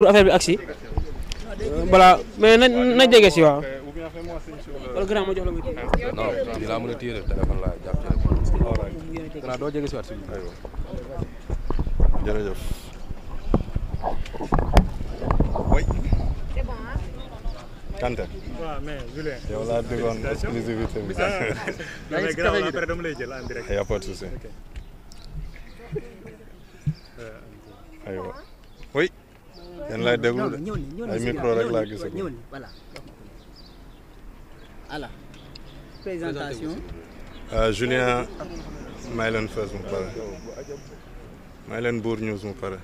pour affaire bi agsi voilà mais na jege si waaw. wala grand ma jox la muy téye. non il jàpp ci doo jege si waat si jërëjëf. Kanté. waaw mais Julien. yow laa déggoon exclusivité bi. yaa si café yéen laay déglu de ay micro rek laa gis. voilà voilà présentation. Euh, Julien may leen fees mu pare may buur news mu pare.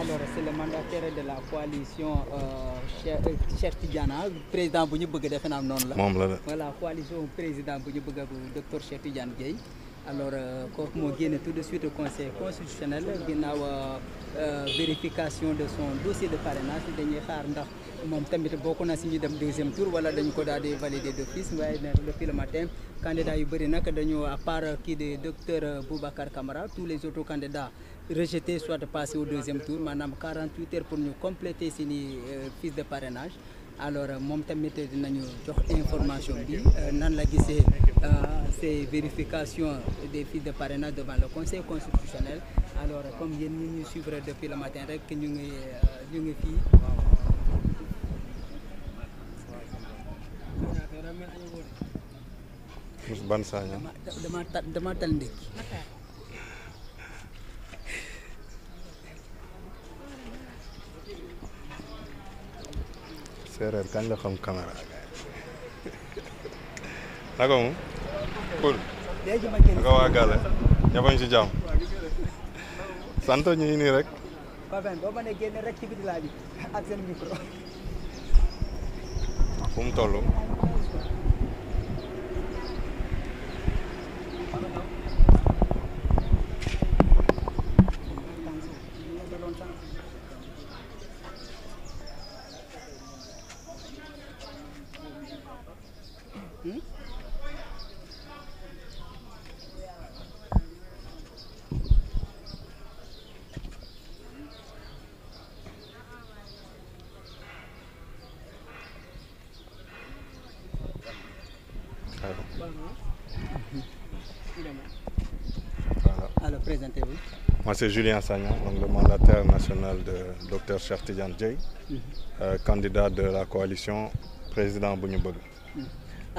alors c'est le mandataire de la coalition euh, euh, Cheikh Tidiane ah, président bu ñu bëgg defe naa noonu la. moom la de. voilà coalition président bu ñu bëgg ak docteur Cheikh Tidiane alors euh, kooku moo génne tout de suite au conseil constitutionnel ginnaaw euh, euh, vérification de son dossier de parrainage dañuy xaar ndax moom tamit bokk na si ñu dem deuxième tour wala dañu ko daal di valider d'office waaye depuis le matin candidat yu bëri nag dañu à part kii de docteur Boubacar Camara tous les autres candidats rejetés soit passés au deuxième tour maanaam 48 heures pour ñu compléter seeni fiche de parenage alors euh, moom tamit dinañu jox information bi euh, nan la gisee euh, ces vérifications des fiches de parrainage devant le conseil constitutionnel alors comme yéen ñi ñu suivre depuis le matin rek ñu ngi ngi fii. Ousmane Sagna. dama dama tal ndékki. séeréer kañ la xam caméra naka moom cool naka waa gàlle ñëpp ci jàmm sant ñu ngi nii rek fu tollu présentez-vous Moi, c'est Julien Sagnan, donc le mandataire national de Dr Chertidian Djei, mm -hmm. Euh, de la coalition président bu Bougnou bëgg mhm.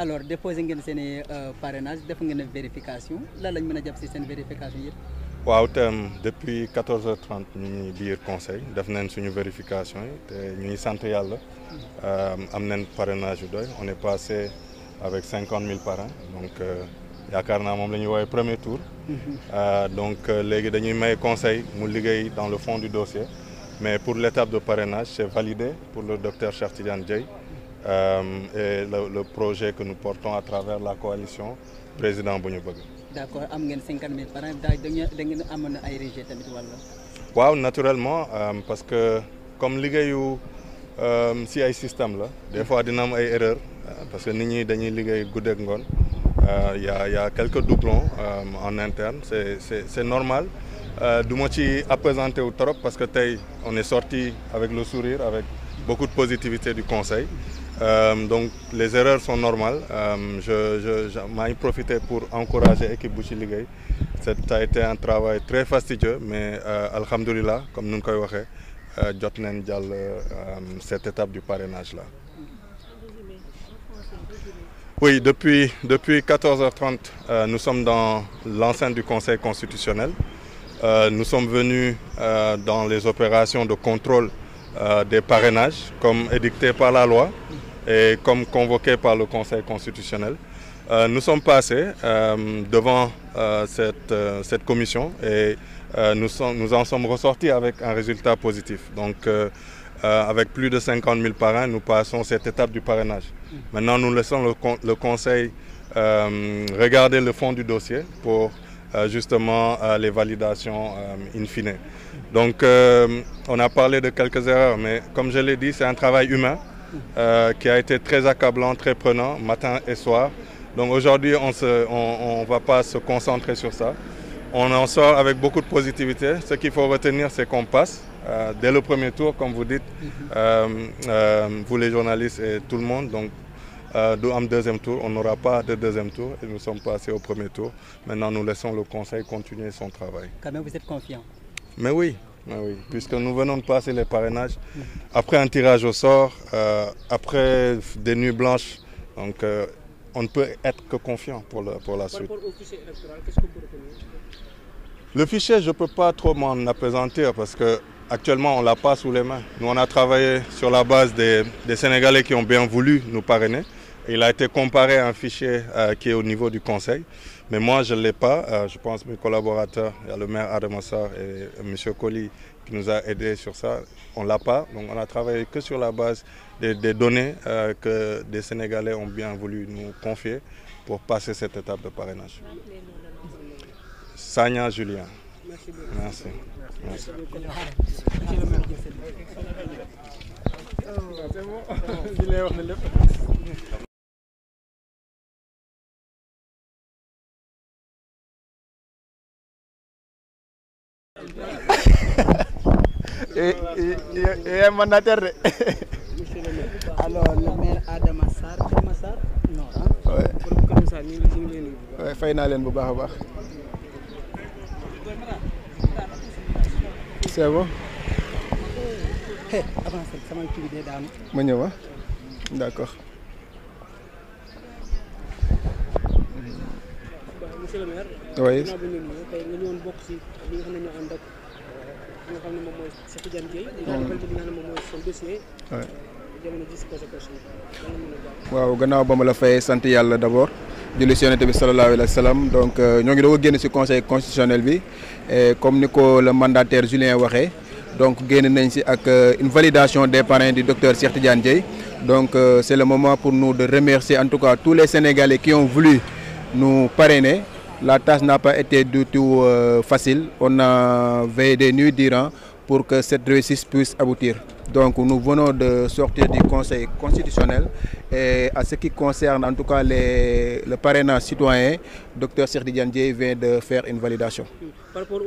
Alors, déposé ngeen seen i euh, parrainage def ngeen vérification lan lañ mën a jàpp si seen vérification yëpp. waaw tam depuis 14 h conseil def nañ suñu vérification yi te ñu ngi sant yàlla mhm. euh, am nañ parrainage yu doy on est passé avec 50 donc. yaakaar naa moom la ñuy woowee premier tour. Euh, donc euh, léegi dañuy may conseil mu liggéey dans le fond du dossier mais pour l' étape de parrainage c' est validé pour le docteur Cheikh Tidiane Dieye euh, et le, le projet que nous portons à travers la coalition président bu ñu bëgg. d' accord am ngeen cinquante mille parrain da ngeen amoon ay rejet tamit wala. waaw naturellement parce que comme liggéeyu si ay système la. des fois dina am ay erreurs parce que nit ñi dañuy liggéey guddeeg ngoon. il euh, y a y a quelques doublons euh, en interne c'est c'est normal euh, du ma ci appesanté wu trop parce que tey on est sorti avec le sourire avec beaucoup de positivité du conseil Euh, donc les erreurs sont normales euh, je maa ngi profité pour encourager équipe bu ci liggéey ça a été un travail très fastidieux mais euh, comme nu ñu koy waxee jot nañ jàll cette étape du parrainage là Oui, depuis, depuis 14h30, euh, nous sommes dans l'enceinte du Conseil constitutionnel. Euh, nous sommes venus euh, dans les opérations de contrôle euh, des parrainages, comme édicté par la loi et comme convoqué par le Conseil constitutionnel. Euh, nous sommes passés euh, devant cette, cette, commission et nous, sommes, nous en sommes avec un résultat positif. Donc, Euh, avec plus de 50 000 parrains, nous passons cette étape du parrainage. Maintenant, nous laissons le, con le Conseil euh, regarder le fond du dossier pour euh, justement euh, les validations euh, in fine. Donc, on a parlé de quelques erreurs, mais comme je l'ai dit, c'est un travail humain qui a été très accablant, très prenant, matin et soir. Donc aujourd'hui, on ne on, on va pas se concentrer sur ça. On en sort avec beaucoup de positivité. Ce qu'il faut retenir, c'est qu'on passe. euh, dès le premier tour, comme vous dites, mhm. euh, euh, vous les journalistes et tout le monde. Donc, euh, nous avons deuxième tour, on n'aura pas de deuxième tour et nous sommes passés au premier tour. Maintenant, nous laissons le Conseil continuer son travail. Mais oui, puisque nous venons de passer les parrainages. Mhm. Après un tirage au sort, après des nuits blanches, on ne peut être que confiant pour, la suite. Le fichier, je ne peux pas trop m'en apesantir parce que Actuellement, on ne l'a pas sous les mains. Nous, on a travaillé sur la base des, des Sénégalais qui ont bien voulu nous parrainer. Il a été comparé à un fichier euh, qui est au niveau du Conseil. Mais moi, je ne l'ai pas. Euh, je pense que mes collaborateurs, il y a le maire Adamassar qui nous a aidés sur ça. On ne l'a pas. Donc, on a travaillé que sur la base des, des données euh, que des Sénégalais ont bien voulu nous confier pour passer cette étape de parrainage. Sanya Julien. yéen eh, eh, eh, mandataire de. alors le maire Adama Sarr Adama Sarr non naa leen bu baax a baax. c'est bon. ma ñëw ah d'accord. monsieur le maire. oui. nga ñëwoon euh, xam ne moom mooy mm. waaw gannaaw ba ma la fay sant yàlla d'abord. julli si yonent bi salallaahu alayhi wa sallam donc euh, ñoo ngi doog a génn si conseil constitutionnel bi et comme ni ko le mandataire Julien waxee donc génne nañ si ak euh, une validation des parrains du docteur Cheikh Tidiane Dieye donc euh, c' est le moment pour nous de remercier en tout cas tous les Sénégalais qui ont voulu nous parrainer la tâche n'a pas été du tout facile on a veillé des nuits durant pour que cette réussite puisse aboutir. Donc nous venons de sortir du Conseil constitutionnel et à ce qui concerne en tout cas les, le parrainage citoyen, docteur Serdi Diandje vient de faire une validation. Par rapport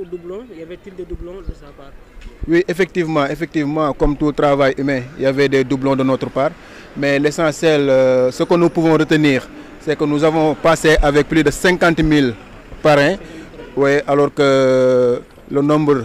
effectivement, comme tout travail humain, il y avait des doublons de notre part. Mais l'essentiel, euh, ce que nous pouvons retenir, c'est que nous avons passé avec plus de 50 000 parrains, oui, alors que le nombre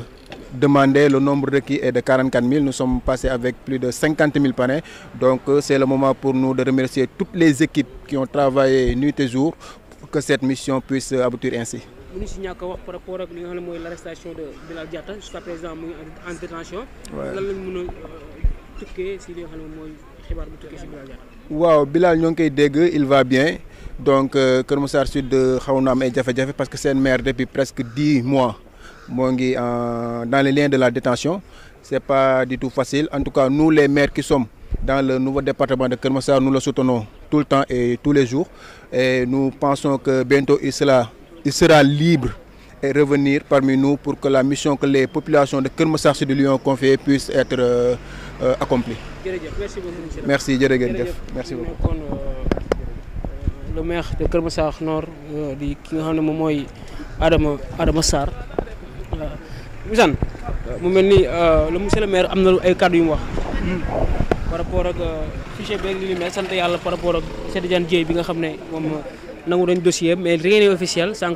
demandé, le nombre requis est de 44 000. Nous sommes passés avec plus de 50 000 parrains. Donc euh, c'est le moment pour nous remercier toutes les équipes qui ont travaillé nuit et jour pour que cette mission puisse euh, aboutir ainsi. ministre ñàkk wax par rapport ak li nga de Bilal Diatta jusqu'à présent muy en détention. waaw lan lañ euh, si li ne mooy xibaar Bilal Diatta. waaw Bilal ñoo ngi koy dégg il va bien donc Kër Massar Sud xaw na am ay jafe-jafe parce que seen maire depuis presque dix mois. moo ngi euh, dans les liens de la détention c'est pas du tout facile en tout cas nous les maires qui sommes dans le nouveau département de Keur Massar nous le soutenons tout le temps et tous les jours et nous pensons que bientôt il sera libre et revenir parmi nous pour que la mission que les populations de Keur Massar Sud lui ont confiée puisse être euh, euh, accomplie. jërëjëf merci beaucoup merci jërëjëf merci euh, le maire de Keur Nord euh, di ki nga xam ne moom mooy Adama Adama Sarr. Misaan euh, euh, mu mel ni euh, le monsieur le maire am na ay kàddu yu mu wax. par rapport ak fichier beeg li ñu mel sant yàlla par rapport ak Cheikh Tidiane Dièye bi nga xam ne moom nangu dañ dossier mais rien n'est officiel sànq.